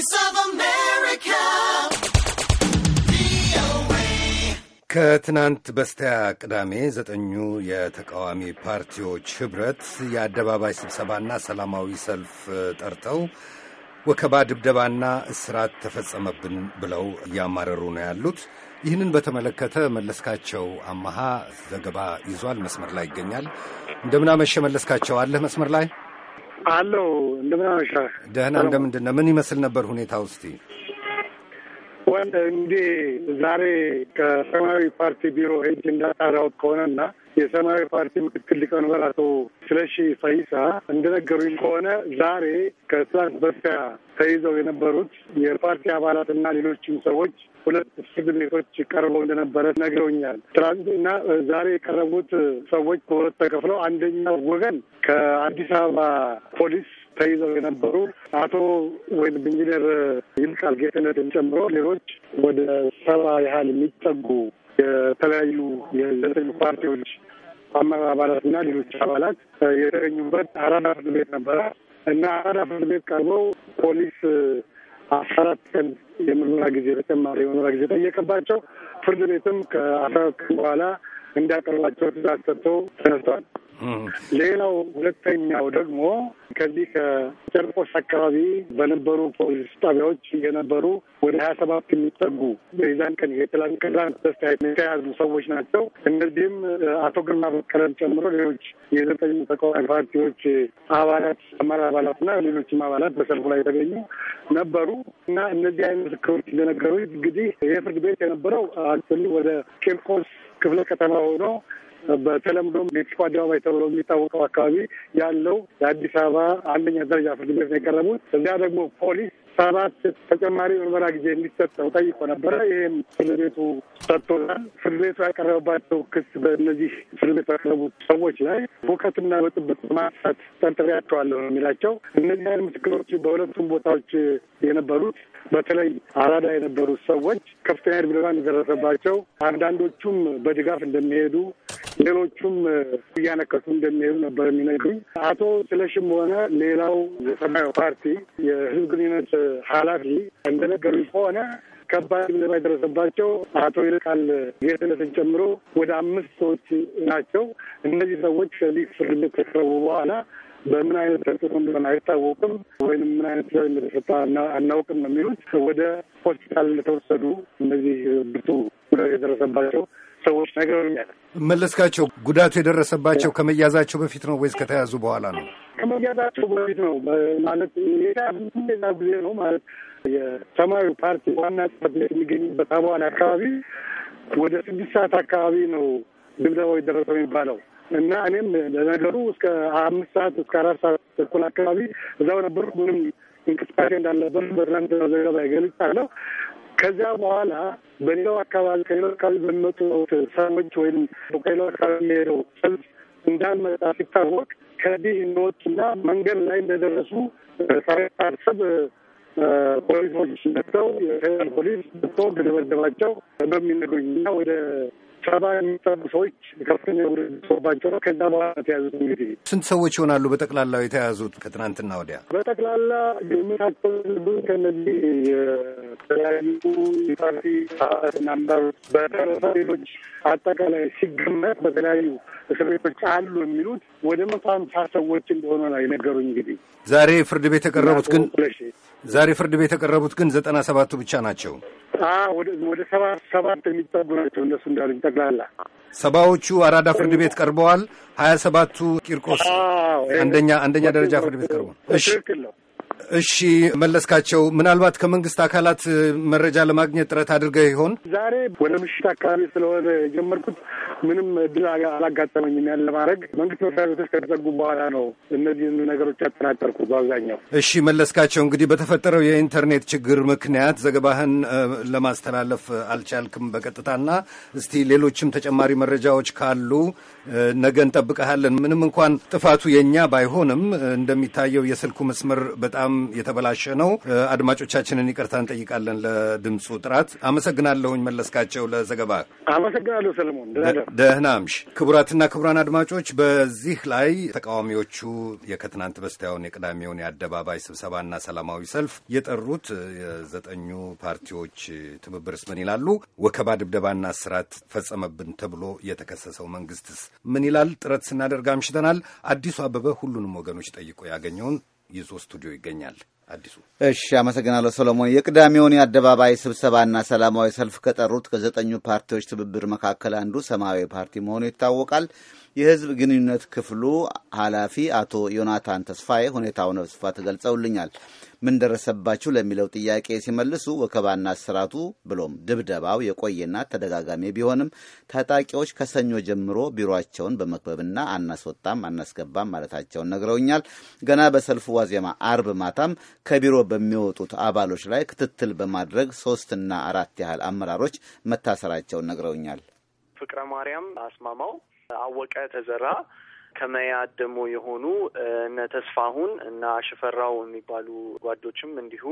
Voice of ከትናንት በስቲያ ቅዳሜ ዘጠኙ የተቃዋሚ ፓርቲዎች ኅብረት የአደባባይ ስብሰባና ሰላማዊ ሰልፍ ጠርተው ወከባ፣ ድብደባና እስራት ተፈጸመብን ብለው እያማረሩ ነው ያሉት። ይህንን በተመለከተ መለስካቸው አማሃ ዘገባ ይዟል። መስመር ላይ ይገኛል። እንደምናመሸ መለስካቸው፣ አለህ መስመር ላይ? አለው እንደምን አመሻ። ደህና እንደምንድን ነው? ምን ይመስል ነበር ሁኔታ ውስጥ? ወንድ እንግዲህ ዛሬ ከሰማያዊ ፓርቲ ቢሮ ሄጅ እንዳጣራሁት ከሆነና የሰማያዊ ፓርቲ ምክትል ሊቀመንበር አቶ ስለሺ ፈይሳ እንደነገሩኝ ከሆነ ዛሬ ከትናንት በስቲያ ተይዘው የነበሩት የፓርቲ አባላትና ሌሎችም ሰዎች ሁለት ፍርድ ቤቶች ቀርበው እንደነበረ ነግረውኛል። እና ዛሬ የቀረቡት ሰዎች በሁለት ተከፍለው አንደኛው ወገን ከአዲስ አበባ ፖሊስ ተይዘው የነበሩ አቶ ወይም ኢንጂነር ይልቃል ጌትነትን ጨምሮ ሌሎች ወደ ሰባ ያህል የሚጠጉ የተለያዩ የዘጠኙ ፓርቲዎች አመራር አባላት እና ሌሎች አባላት የተገኙበት አራዳ ፍርድ ቤት ነበረ እና አራዳ ፍርድ ቤት ቀርበው ፖሊስ አስራ አራት ቀን የምርመራ ጊዜ ተጨማሪ የምርመራ ጊዜ ጠየቀባቸው። ፍርድ ቤትም ከአስራ አራት ቀን በኋላ እንዲያቀርባቸው ትዕዛዝ ሰጥቶ ተነስቷል። ሌላው ሁለተኛው ደግሞ ከዚህ ከጨርቆስ አካባቢ በነበሩ ፖሊስ ጣቢያዎች የነበሩ ወደ ሀያ ሰባት የሚጠጉ የዛን ቀን የትላንት ከትላንት በስቲያ የተያዙ ሰዎች ናቸው። እነዚህም አቶ ግርማ በቀለን ጨምሮ ሌሎች የዘጠኝ ተቃዋሚ ፓርቲዎች አባላት አባላት አባላትና ሌሎችም አባላት በሰልፉ ላይ የተገኙ ነበሩ እና እነዚህ አይነት ምስክሮች እንደነገሩ እንግዲህ የፍርድ ቤት የነበረው አክቹዋሊ ወደ ቂርቆስ ክፍለ ከተማ ሆኖ በተለምዶም ሜክሲኮ አደባባይ ተብሎ የሚታወቀው አካባቢ ያለው የአዲስ አበባ አንደኛ ደረጃ ፍርድ ቤት ነው የቀረቡት። እዚያ ደግሞ ፖሊስ ሰባት ተጨማሪ ምርመራ ጊዜ እንዲሰጠው ጠይቆ ነበረ። ይህም ፍርድ ቤቱ ሰጥቶናል። ፍርድ ቤቱ ያቀረበባቸው ክስ በእነዚህ ፍርድ ቤት ያቀረቡት ሰዎች ላይ ሁከትና ብጥብጥ በማንሳት ጠርጥሬያቸዋለሁ ነው የሚላቸው። እነዚህ አይነት ምስክሮች በሁለቱም ቦታዎች የነበሩት በተለይ አራዳ የነበሩት ሰዎች ከፍተኛ ድብደባ እንደደረሰባቸው አንዳንዶቹም በድጋፍ እንደሚሄዱ ሌሎቹም እያነከሱ እንደሚሄዱ ነበር የሚነግሩኝ። አቶ ስለሽም ሆነ ሌላው የሰማያዊ ፓርቲ የህዝብ ግንኙነት ኃላፊ እንደነገሩኝ ከሆነ ከባድ ምዘባ የደረሰባቸው አቶ ይልቃል ጌትነትን ጨምሮ ወደ አምስት ሰዎች ናቸው። እነዚህ ሰዎች ከዚህ ፍርድ ቤት ከቀረቡ በኋላ በምን አይነት ተጽዕኖ እንደሆነ አይታወቅም፣ ወይንም ምን አይነት ዘር እንደተሰጣ አናውቅም ነው የሚሉት። ወደ ሆስፒታል እንደተወሰዱ እነዚህ ብቱ የደረሰባቸው ሰዎች ነግረውኛል። መለስካቸው፣ ጉዳቱ የደረሰባቸው ከመያዛቸው በፊት ነው ወይስ ከተያዙ በኋላ ነው? ከመያዛቸው በፊት ነው ማለት የተያዙትም ጊዜ ነው ማለት የሰማያዊ ፓርቲ ዋና ጽሕፈት ቤት የሚገኝበት አባል አካባቢ ወደ ስድስት ሰዓት አካባቢ ነው ድብደባው የደረሰው የሚባለው እና እኔም ለነገሩ እስከ አምስት ሰዓት እስከ አራት ሰዓት ተኩል አካባቢ እዛው ነበርኩ። ምንም እንቅስቃሴ እንዳለበት በትናንትና ዘገባ ይገልጻለሁ። ከዚያ በኋላ በሌላው አካባቢ ከሌላው አካባቢ በሚመጡት ሰዎች ወይም ከሌላው አካባቢ የሚሄደው ሰልፍ እንዳልመጣ ሲታወቅ ከዚህ እንደወጡና መንገድ ላይ እንደደረሱ ሰብ ፖሊሶች መጥተው የፌደራል ፖሊስ መጥቶ እንደደበደባቸው በሚነግሩኝ እና ወደ ሰባ የሚጠጉ ሰዎች ከፍተኛ ደርሶባቸው ነው። ከዛ በኋላ እንግዲህ ስንት ሰዎች ይሆናሉ በጠቅላላው የተያዙት ከትናንትና ወዲያ? በጠቅላላ የሚታቸው ከነዚህ የተለያዩ የፓርቲ ናምበር በተረፈ ሌሎች አጠቃላይ ሲገመት በተለያዩ እስር ቤቶች አሉ የሚሉት ወደ መቶ ሀምሳ ሰዎች እንደሆነ ነው የነገሩኝ። እንግዲህ ዛሬ ፍርድ ቤት የቀረቡት ግን ዛሬ ፍርድ ቤት የቀረቡት ግን ዘጠና ሰባቱ ብቻ ናቸው። ወደ ሰባ ሰባት የሚጠጉ ናቸው እነሱ እንዳሉኝ ጠቅላላ ሰባዎቹ አራዳ ፍርድ ቤት ቀርበዋል። ሀያ ሰባቱ ቂርቆስ አንደኛ አንደኛ ደረጃ ፍርድ ቤት ቀርበዋል። እሺ እሺ መለስካቸው፣ ምናልባት ከመንግስት አካላት መረጃ ለማግኘት ጥረት አድርገህ ይሆን? ዛሬ ወደ ምሽት አካባቢ ስለሆነ የጀመርኩት ምንም እድል አላጋጠመኝም። ያለ ለማድረግ መንግስት መስሪያ ቤቶች ከተዘጉ በኋላ ነው እነዚህን ነገሮች ያጠናጠርኩት በአብዛኛው። እሺ መለስካቸው፣ እንግዲህ በተፈጠረው የኢንተርኔት ችግር ምክንያት ዘገባህን ለማስተላለፍ አልቻልክም በቀጥታና እስቲ ሌሎችም ተጨማሪ መረጃዎች ካሉ ነገ እንጠብቀሃለን። ምንም እንኳን ጥፋቱ የእኛ ባይሆንም እንደሚታየው የስልኩ መስመር በጣም የተበላሸ ነው። አድማጮቻችንን ይቅርታ እንጠይቃለን ለድምፁ ጥራት። አመሰግናለሁኝ መለስካቸው ለዘገባ አመሰግናለሁ ሰለሞን። ደህና ክቡራትና ክቡራን አድማጮች በዚህ ላይ ተቃዋሚዎቹ የከትናንት በስቲያውን የቅዳሜውን የአደባባይ ስብሰባና ሰላማዊ ሰልፍ የጠሩት የዘጠኙ ፓርቲዎች ትብብርስ ምን ይላሉ? ወከባ፣ ድብደባና እስራት ፈጸመብን ተብሎ የተከሰሰው መንግስትስ ምን ይላል? ጥረት ስናደርግ አምሽተናል። አዲሱ አበበ ሁሉንም ወገኖች ጠይቆ ያገኘውን ይዞ ስቱዲዮ ይገኛል። አዲሱ እሺ፣ አመሰግናለሁ ሰሎሞን። የቅዳሜውን የአደባባይ ስብሰባና ሰላማዊ ሰልፍ ከጠሩት ከዘጠኙ ፓርቲዎች ትብብር መካከል አንዱ ሰማያዊ ፓርቲ መሆኑ ይታወቃል። የህዝብ ግንኙነት ክፍሉ ኃላፊ አቶ ዮናታን ተስፋዬ ሁኔታውን በስፋት ገልጸውልኛል። ምን ደረሰባችሁ ለሚለው ጥያቄ ሲመልሱ ወከባና እስራቱ ብሎም ድብደባው የቆየና ተደጋጋሚ ቢሆንም ታጣቂዎች ከሰኞ ጀምሮ ቢሮቸውን በመክበብና አናስወጣም አናስገባም ማለታቸውን ነግረውኛል። ገና በሰልፉ ዋዜማ አርብ ማታም ከቢሮ በሚወጡት አባሎች ላይ ክትትል በማድረግ ሶስትና አራት ያህል አመራሮች መታሰራቸውን ነግረውኛል። ፍቅረ ማርያም አስማማው አወቀ ተዘራ ከመያድ ደግሞ የሆኑ እነ ተስፋሁን እና ሽፈራው የሚባሉ ጓዶችም እንዲሁ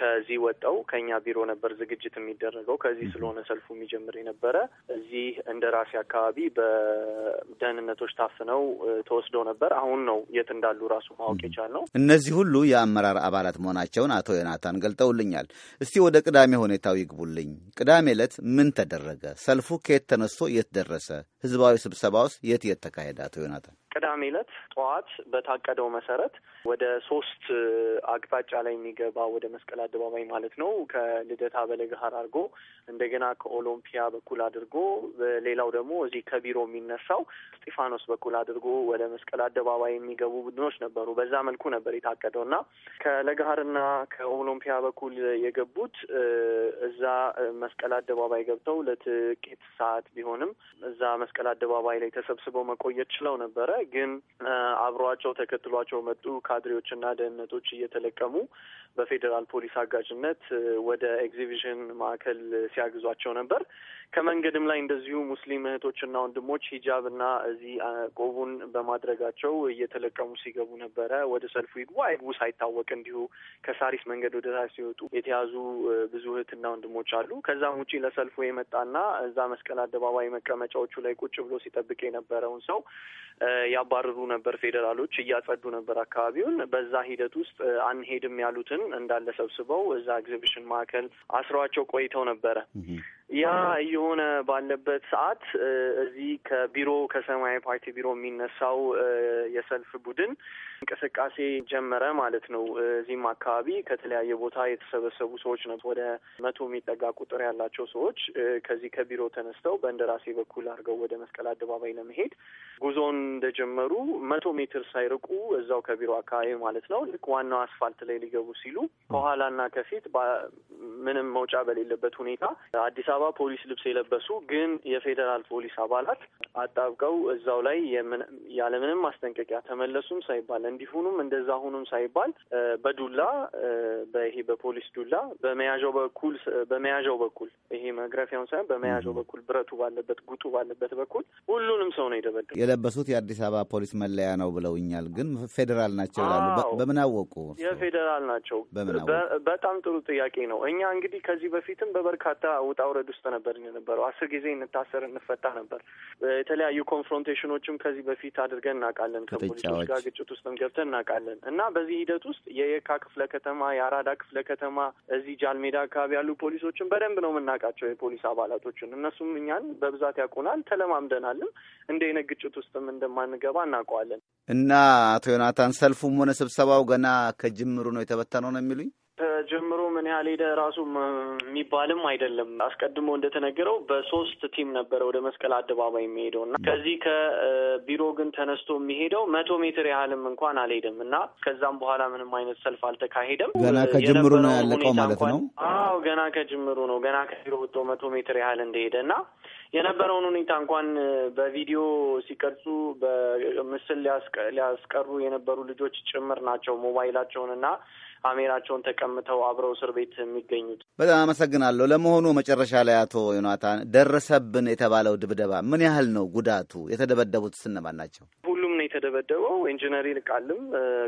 ከዚህ ወጣው ከኛ ቢሮ ነበር ዝግጅት የሚደረገው። ከዚህ ስለሆነ ሰልፉ የሚጀምር የነበረ እዚህ እንደ ራሴ አካባቢ በደህንነቶች ታፍነው ተወስደው ነበር። አሁን ነው የት እንዳሉ ራሱ ማወቅ የቻልነው። እነዚህ ሁሉ የአመራር አባላት መሆናቸውን አቶ ዮናታን ገልጠውልኛል። እስቲ ወደ ቅዳሜ ሁኔታው ይግቡልኝ። ቅዳሜ ዕለት ምን ተደረገ? ሰልፉ ከየት ተነስቶ የት ደረሰ? ህዝባዊ ስብሰባ ውስጥ የት የት ተካሄደ? አቶ ዮናታን ቅዳሜ ዕለት ጠዋት በታቀደው መሰረት ወደ ሶስት አቅጣጫ ላይ የሚገባ ወደ መስቀል አደባባይ ማለት ነው ከልደታ በለገሀር አድርጎ እንደገና ከኦሎምፒያ በኩል አድርጎ ሌላው ደግሞ እዚህ ከቢሮ የሚነሳው እስጢፋኖስ በኩል አድርጎ ወደ መስቀል አደባባይ የሚገቡ ቡድኖች ነበሩ። በዛ መልኩ ነበር የታቀደው እና ከለግሀርና ከኦሎምፒያ በኩል የገቡት እዛ መስቀል አደባባይ ገብተው ለጥቂት ሰዓት ቢሆንም እዛ መስቀል አደባባይ ላይ ተሰብስበው መቆየት ችለው ነበረ። ግን አብሯቸው ተከትሏቸው መጡ ካድሬዎችና ደህንነቶች እየተለቀሙ በፌዴራል ፖሊስ አጋዥነት ወደ ኤግዚቢሽን ማዕከል ሲያግዟቸው ነበር። ከመንገድም ላይ እንደዚሁ ሙስሊም እህቶችና ወንድሞች ሂጃብ እና እዚህ ቆቡን በማድረጋቸው እየተለቀሙ ሲገቡ ነበረ። ወደ ሰልፉ ይግቡ አይግቡ ሳይታወቅ እንዲሁ ከሳሪስ መንገድ ወደ ታች ሲወጡ የተያዙ ብዙ እህትና ወንድሞች አሉ። ከዛም ውጪ ለሰልፉ የመጣና እዛ መስቀል አደባባይ መቀመጫዎቹ ላይ ቁጭ ብሎ ሲጠብቅ የነበረውን ሰው ያባረሩ ነበር። ፌዴራሎች እያጸዱ ነበር አካባቢውን። በዛ ሂደት ውስጥ አንሄድም ያሉትን እንዳለ ሰብስበው እዛ ኤግዚቢሽን ማዕከል አስረዋቸው ቆይተው ነበረ። ያ እየሆነ ባለበት ሰዓት እዚህ ከቢሮ ከሰማያዊ ፓርቲ ቢሮ የሚነሳው የሰልፍ ቡድን እንቅስቃሴ ጀመረ ማለት ነው። እዚህም አካባቢ ከተለያየ ቦታ የተሰበሰቡ ሰዎች ነው። ወደ መቶ የሚጠጋ ቁጥር ያላቸው ሰዎች ከዚህ ከቢሮ ተነስተው በእንደራሴ በኩል አድርገው ወደ መስቀል አደባባይ ለመሄድ ጉዞውን እንደጀመሩ መቶ ሜትር ሳይርቁ እዛው ከቢሮ አካባቢ ማለት ነው ልክ ዋናው አስፋልት ላይ ሊገቡ ሲሉ ከኋላና ከፊት ምንም መውጫ በሌለበት ሁኔታ አዲስ አበባ አበባ ፖሊስ ልብስ የለበሱ ግን የፌዴራል ፖሊስ አባላት አጣብቀው እዛው ላይ ያለምንም ማስጠንቀቂያ ተመለሱም ሳይባል እንዲሁኑም እንደዛ ሁኑም ሳይባል በዱላ በይሄ በፖሊስ ዱላ በመያዣው በኩል በመያዣው በኩል ይሄ መግረፊያውን ሳይሆን በመያዣው በኩል ብረቱ ባለበት ጉጡ ባለበት በኩል ሁሉንም ሰው ነው የደበደቡ። የለበሱት የአዲስ አበባ ፖሊስ መለያ ነው ብለውኛል፣ ግን ፌዴራል ናቸው ይላሉ። በምን አወቁ? የፌዴራል ናቸው። በጣም ጥሩ ጥያቄ ነው። እኛ እንግዲህ ከዚህ በፊትም በበርካታ ውጣ ውረድ ውስጥ ነበር የነበረው። አስር ጊዜ እንታሰር እንፈታ ነበር። የተለያዩ ኮንፍሮንቴሽኖችም ከዚህ በፊት አድርገን እናውቃለን። ከፖሊሶች ጋር ግጭት ውስጥም ገብተን እናውቃለን እና በዚህ ሂደት ውስጥ የየካ ክፍለ ከተማ፣ የአራዳ ክፍለ ከተማ፣ እዚህ ጃልሜዳ አካባቢ ያሉ ፖሊሶችን በደንብ ነው የምናውቃቸው የፖሊስ አባላቶችን። እነሱም እኛን በብዛት ያውቁናል፣ ተለማምደናልም። እንደ አይነት ግጭት ውስጥም እንደማንገባ እናውቀዋለን። እና አቶ ዮናታን ሰልፉም ሆነ ስብሰባው ገና ከጅምሩ ነው የተበተነው ነው የሚሉኝ ከጅምሩ ምን ያህል ሄደ ራሱ የሚባልም አይደለም። አስቀድሞ እንደተነገረው በሶስት ቲም ነበረ ወደ መስቀል አደባባይ የሚሄደው እና ከዚህ ከቢሮ ግን ተነስቶ የሚሄደው መቶ ሜትር ያህልም እንኳን አልሄደም እና ከዛም በኋላ ምንም አይነት ሰልፍ አልተካሄደም። ገና ከጅምሩ ነው ያለቀው ማለት ነው። አዎ ገና ከጅምሩ ነው። ገና ከቢሮ ወጥቶ መቶ ሜትር ያህል እንደሄደ እና የነበረውን ሁኔታ እንኳን በቪዲዮ ሲቀርጹ በምስል ሊያስቀሩ የነበሩ ልጆች ጭምር ናቸው ሞባይላቸውን እና አሜራቸውን ተቀምተው አብረው እስር ቤት የሚገኙት። በጣም አመሰግናለሁ። ለመሆኑ መጨረሻ ላይ አቶ ዮናታን ደረሰብን የተባለው ድብደባ ምን ያህል ነው? ጉዳቱ የተደበደቡት ስነማን ናቸው? የተደበደበው ኢንጂነሪ ንቃልም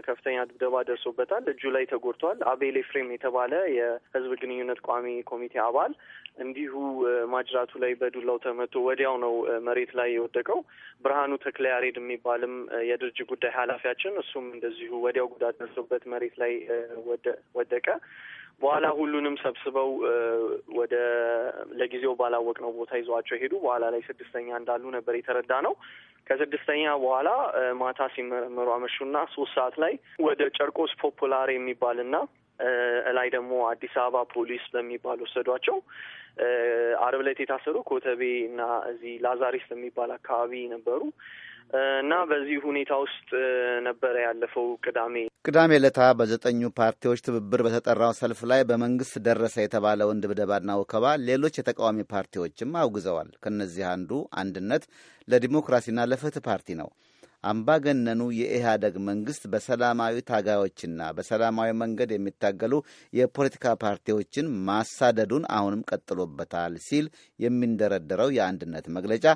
ከፍተኛ ድብደባ ደርሶበታል። እጁ ላይ ተጎድቷል። አቤል ኤፍሬም የተባለ የህዝብ ግንኙነት ቋሚ ኮሚቴ አባል እንዲሁ ማጅራቱ ላይ በዱላው ተመቶ ወዲያው ነው መሬት ላይ የወደቀው። ብርሃኑ ተክለያሬድ የሚባልም የድርጅት ጉዳይ ኃላፊያችን እሱም እንደዚሁ ወዲያው ጉዳት ደርሶበት መሬት ላይ ወደቀ። በኋላ ሁሉንም ሰብስበው ወደ ለጊዜው ባላወቅነው ቦታ ይዘዋቸው ሄዱ። በኋላ ላይ ስድስተኛ እንዳሉ ነበር የተረዳ ነው። ከስድስተኛ በኋላ ማታ ሲመረመሩ አመሹና ሶስት ሰዓት ላይ ወደ ጨርቆስ ፖፑላር የሚባልና ላይ ደግሞ አዲስ አበባ ፖሊስ በሚባል ወሰዷቸው። አርብ ዕለት የታሰሩ ኮተቤ እና እዚህ ላዛሪስ የሚባል አካባቢ ነበሩ። እና በዚህ ሁኔታ ውስጥ ነበረ ያለፈው ቅዳሜ ቅዳሜ ለታ በዘጠኙ ፓርቲዎች ትብብር በተጠራው ሰልፍ ላይ በመንግስት ደረሰ የተባለውን ድብደባና ወከባ ሌሎች የተቃዋሚ ፓርቲዎችም አውግዘዋል። ከነዚህ አንዱ አንድነት ለዲሞክራሲና ለፍትህ ፓርቲ ነው። አምባገነኑ የኢህአደግ መንግስት በሰላማዊ ታጋዮችና በሰላማዊ መንገድ የሚታገሉ የፖለቲካ ፓርቲዎችን ማሳደዱን አሁንም ቀጥሎበታል ሲል የሚንደረደረው የአንድነት መግለጫ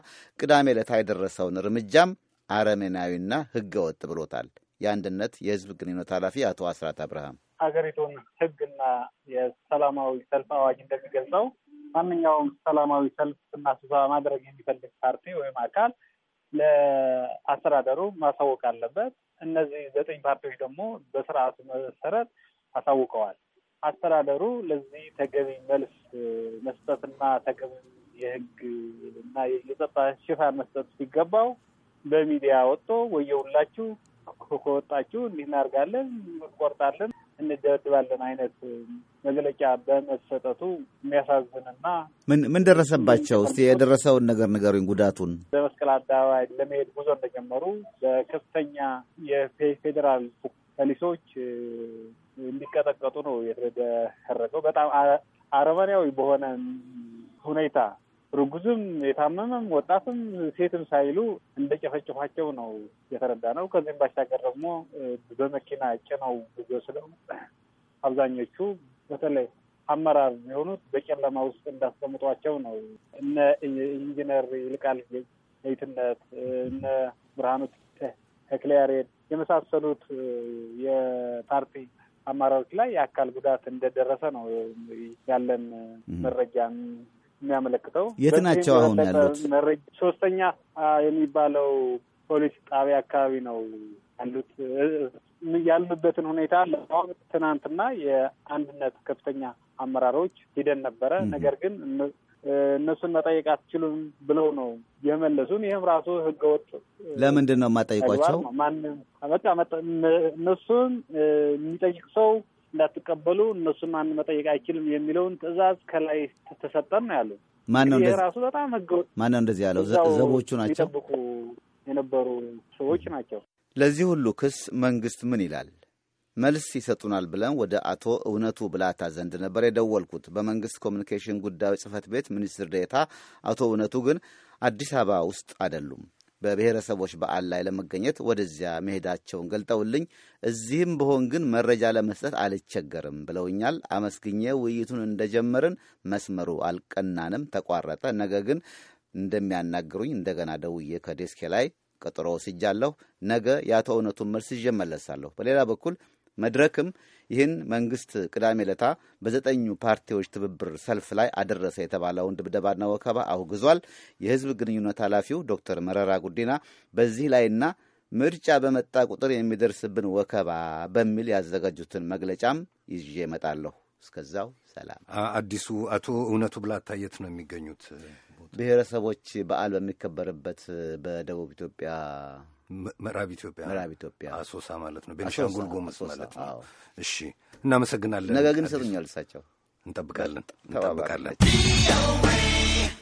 ቅዳሜ ዕለት የደረሰውን እርምጃም አረሜናዊና ህገወጥ ብሎታል። የአንድነት የህዝብ ግንኙነት ኃላፊ አቶ አስራት አብርሃም ሀገሪቱን ህግና የሰላማዊ ሰልፍ አዋጅ እንደሚገልጸው ማንኛውም ሰላማዊ ሰልፍና ስብሰባ ማድረግ የሚፈልግ ፓርቲ ወይም አካል ለአስተዳደሩ ማሳወቅ አለበት። እነዚህ ዘጠኝ ፓርቲዎች ደግሞ በስርዓቱ መሰረት አሳውቀዋል። አስተዳደሩ ለዚህ ተገቢ መልስ መስጠትና ተገቢ የህግ እና የጸጥታ ሽፋን መስጠት ሲገባው በሚዲያ ወጥቶ ወየውላችሁ ከወጣችሁ እንዲህ እናደርጋለን፣ እንቆርጣለን፣ እንደበድባለን አይነት መግለጫ በመሰጠቱ የሚያሳዝንና ምን ምን ደረሰባቸው? እስቲ የደረሰውን ነገር ንገሩኝ፣ ጉዳቱን። በመስቀል አደባባይ ለመሄድ ጉዞ እንደጀመሩ በከፍተኛ የፌዴራል ፖሊሶች እንዲቀጠቀጡ ነው የተደረገው። በጣም አረመኔያዊ በሆነ ሁኔታ ርጉዝም የታመመም ወጣትም ሴትም ሳይሉ እንደ እንደጨፈጨፏቸው ነው የተረዳ ነው። ከዚህም ባሻገር ደግሞ በመኪና ጭነው ወስደው አብዛኞቹ በተለይ አመራር የሆኑት በጨለማ ውስጥ እንዳስቀምጧቸው ነው። እነ ኢንጂነር ይልቃል ጌትነት፣ እነ ብርሃኑ ተክለያሬድ የመሳሰሉት የፓርቲ አመራሮች ላይ የአካል ጉዳት እንደደረሰ ነው ያለን መረጃ የሚያመለክተው። የት ናቸው አሁን ያሉት? መረጃ ሶስተኛ የሚባለው ፖሊስ ጣቢያ አካባቢ ነው ያሉት። ያሉበትን ሁኔታ ለማወቅ ትናንትና የአንድነት ከፍተኛ አመራሮች ሂደን ነበረ። ነገር ግን እነሱን መጠየቅ አትችሉም ብለው ነው የመለሱን። ይህም ራሱ ህገወጥ ለምንድን ነው የማጠይቋቸው? ማንም በቃ እነሱን የሚጠይቅ ሰው እንዳትቀበሉ እነሱን ማን መጠየቅ አይችልም የሚለውን ትዕዛዝ ከላይ ተሰጠን ነው ያሉ። ማነው ራሱ በጣም ህገወጥ ማነው እንደዚህ ያለው? ዘቦቹ ናቸው የነበሩ ሰዎች ናቸው። ለዚህ ሁሉ ክስ መንግስት ምን ይላል? መልስ ይሰጡናል ብለን ወደ አቶ እውነቱ ብላታ ዘንድ ነበር የደወልኩት። በመንግስት ኮሚኒኬሽን ጉዳዮች ጽህፈት ቤት ሚኒስትር ዴታ አቶ እውነቱ ግን አዲስ አበባ ውስጥ አይደሉም። በብሔረሰቦች በዓል ላይ ለመገኘት ወደዚያ መሄዳቸውን ገልጠውልኝ እዚህም ብሆን ግን መረጃ ለመስጠት አልቸገርም ብለውኛል። አመስግኜ ውይይቱን እንደጀመርን መስመሩ አልቀናንም፣ ተቋረጠ። ነገ ግን እንደሚያናግሩኝ እንደገና ደውዬ ከዴስኬ ላይ ቀጠሮ ወስጃለሁ። ነገ የአቶ እውነቱን መልስ ይዤ በሌላ በኩል መድረክም ይህን መንግስት ቅዳሜ ለታ በዘጠኙ ፓርቲዎች ትብብር ሰልፍ ላይ አደረሰ የተባለውን ድብደባና ወከባ አውግዟል። የህዝብ ግንኙነት ኃላፊው ዶክተር መረራ ጉዲና በዚህ ላይና ምርጫ በመጣ ቁጥር የሚደርስብን ወከባ በሚል ያዘጋጁትን መግለጫም ይዤ እመጣለሁ። እስከዛው ሰላም። አዲሱ አቶ እውነቱ ብላታ የት ነው የሚገኙት? ብሔረሰቦች በዓል በሚከበርበት በደቡብ ኢትዮጵያ ምዕራብ ኢትዮጵያ ምዕራብ ኢትዮጵያ አሶሳ ማለት ነው። ቤኒሻንጉል ጎመስ ማለት ነው። እሺ፣ እናመሰግናለን። ነገ ግን ይሰጡኛል እሳቸው። እንጠብቃለን እንጠብቃለን።